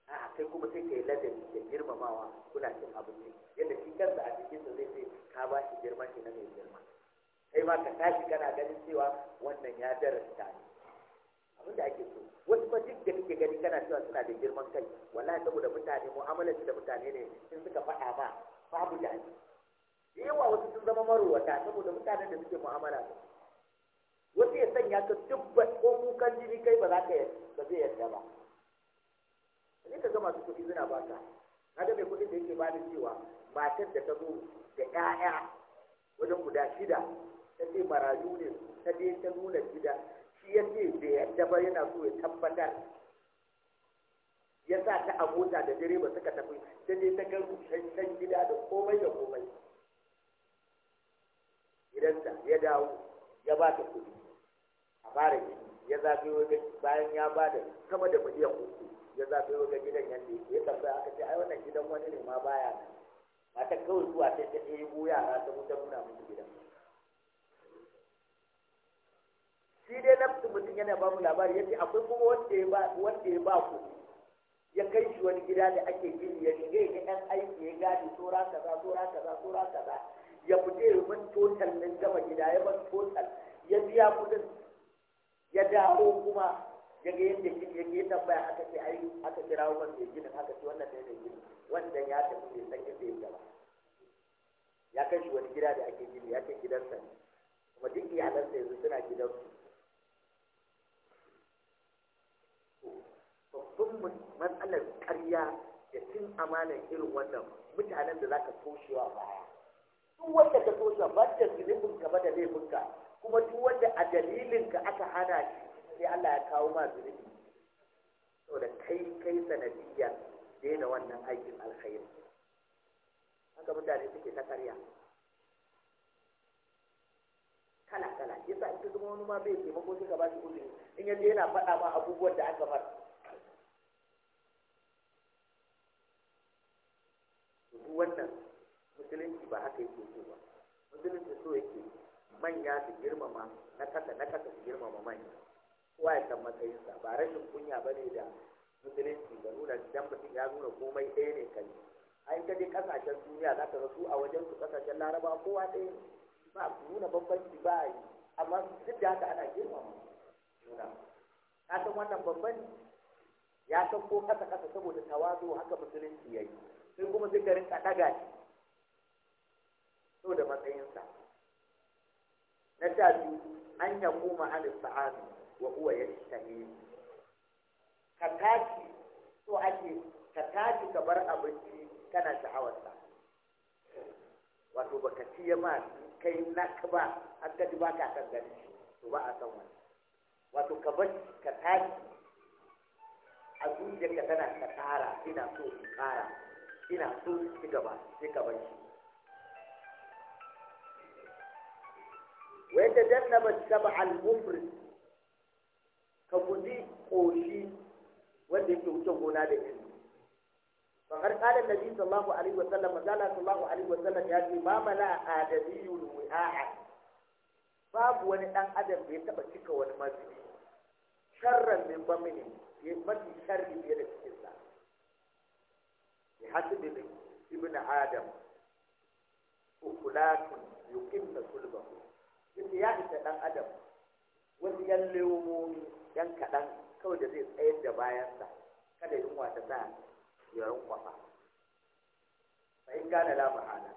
a kai kuma sai ka yi ladabi da girmamawa kuna cin abinci yadda shi kansa a cikin sa zai ce ka ba shi girma shi na mai girma kai ma ka tashi kana ganin cewa wannan ya darasta ne abin da ake so wasu ba duk da kake gani kana cewa suna da girman kai wallahi saboda mutane mu'amalar da mutane ne sun suka faɗa ba babu da yawa wasu sun zama maruwata saboda mutanen da suke mu'amala da su wasu ya sanya ka dubba ko kukan jini kai ba za ka ba zai yarda ba sai ka ga masu kuɗi suna ba ka na da mai kuɗin da yake da cewa matar da ta zo da 'ya'ya wajen guda shida ta ce marayu ne ta je ta nuna gida shi ya ce da yadda ba yana so ya tabbatar ya sa ta a mota da direba suka tafi ta je ta gan rushen gida da komai da komai gidansa ya dawo ya ba ta kuɗi a fara ya zafi wajen bayan ya ba da sama da miliyan uku ya zafi wajen gidan yadda ya tafi aka ce ai wannan gidan wani ne ma baya nan ta kawai zuwa sai ta ɗebo yara ta wuta nuna musu gidan shi dai na mutum yana ba mu labari yace akwai kuma wanda ya ba ya ku ya kai shi wani gida da ake gini ya shiga ya ɗan aiki ya gadi tora kaza tora kaza tora kaza ya fita ya bin total nan gama gida ya bin total ya biya kudin ya dawo kuma ya ga yadda ya ya tambaya aka ce ai aka kira wa mai ginin aka ce wannan ne mai gini wannan ya tafi mai san inda ya gaba ya kai shi wani gida da ake gini ya ce gidansa ne kuma duk iyalansa yanzu suna gidansu babban matsalar karya da cin amanar irin wannan mutanen da za ka toshewa baya duk wanda ka toshewa ba ta zunubin ka ba da laifinka kuma duk wanda a dalilin ka aka hana shi sai Allah ya kawo ma zunubi saboda kai kai sanadiyya daina wannan aikin alkhairi haka mutane suke ta karya kala kala yasa in ka zama wani ma bai taimako sai ka ba shi uzuri in yaje yana faɗa ma abubuwan da aka bar wannan musulunci ba haka yake so ba musulunci so yake manya su girmama na kasa na kasa su girmama manya kowa ya san matsayinsa ba rashin kunya ba ne da musulunci da nuna dan mutum ya nuna komai ɗaya ne kai ai ka je kasashen duniya za ka rasu a wajen su kasashen laraba kowa ɗaya ne ba su nuna bambanci ba a yi amma duk da haka ana girmama nuna ka san wannan babban ya san ko kasa kasa saboda tawazu haka musulunci ya yi sai kuma sai ka rinka ɗaga shi saboda matsayinsa na sha biyu an ya kuma an sa'ad wa huwa ya tahe ka tashi so ake ka tashi ka bar abinci kana sha'awarsa wato baka ci ya ma kai na ka ba an gaji ba ka kan gani to ba a san wani wato ka bar ka tashi a zuciyarka tana ka tara ina so in kara ina so in ci gaba sai ka bar shi Wai wanda jannaba saba al-mufrid ka guji koshi wanda yake wuce gona da shi fakar kada nabi sallallahu alaihi wa sallam manzala sallallahu alaihi wa sallam ya ce ma mala adabiyul wi'a babu wani dan adam da ya taba cika wani mazubi sharran min bamini ya mafi sharri fiye da cikin sa bi hasbi ibn adam ukulatun yuqimna sulbahu yace ya isa ɗan adam wasu yan lewomomi yan kaɗan kawai da zai tsayar da bayansa kada yin wata sa ya runkwafa ba in gane la hana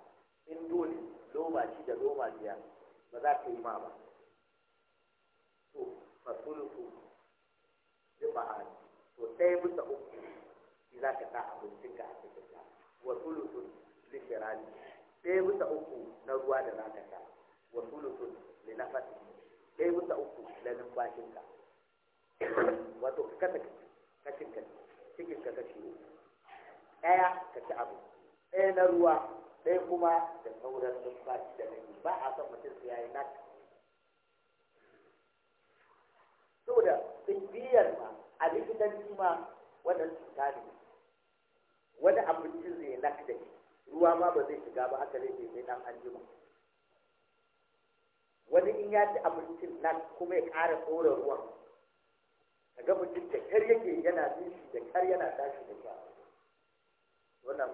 in dole loma shi da loma biya ba za ka yi ma ba to fasulufu zai ba hana to ɗaya bisa uku shi za ka sa abincin ka a cikin ka wa sulusu li shirani ɗaya bisa uku na ruwa da za ka sa. wa sulusun li nafasi ɗaya bisa uku na numfashinka wato ka kasa kashin ka cikin ka kashi ɗaya ka ci abu ɗaya na ruwa ɗaya kuma da sauran numfashi da gani ba a son mutum su yayi naka saboda tsibbiyar ma a likitanci ma wannan cuta ne wani abincin zai naka da ruwa ma ba zai shiga ba haka zai sai dan anjima wani in ya ci abincin nan kuma ya ƙara tsora ruwan a ga mutum da kar yake yana bin da kar yana tashi da kyau wannan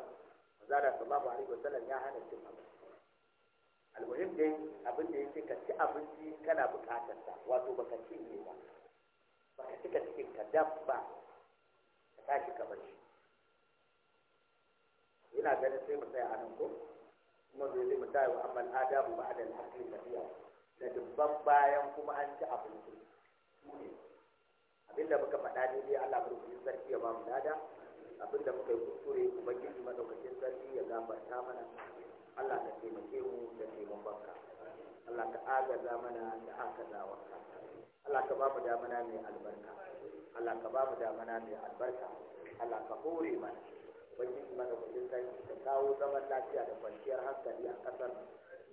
mazala buhari ko sallan ya hana cin abinci almuhim dai abin da yake ka ci abinci kana buƙatar sa wato baka ne ba baka cika cikin ka dabba ka tashi ka bar shi ina ganin sai mu tsaya a nan ko kuma zai mu tsaya wa amma al'ada ba da al'akli da da dubban bayan kuma an ci abinci abinda muka faɗa ne dai Allah madaukakin sarki ya ba mu abin abinda muka yi kuskure ubangiji madaukakin sarki ya gafarta mana Allah ka taimake mu da taimakonka Allah ka agaza mana da zawa Allah ka ba mu damana mai albarka Allah ka ba mu damana mai albarka Allah ka hore mana ubangiji madaukakin sarki ka kawo zaman lafiya da kwanciyar hankali a ƙasar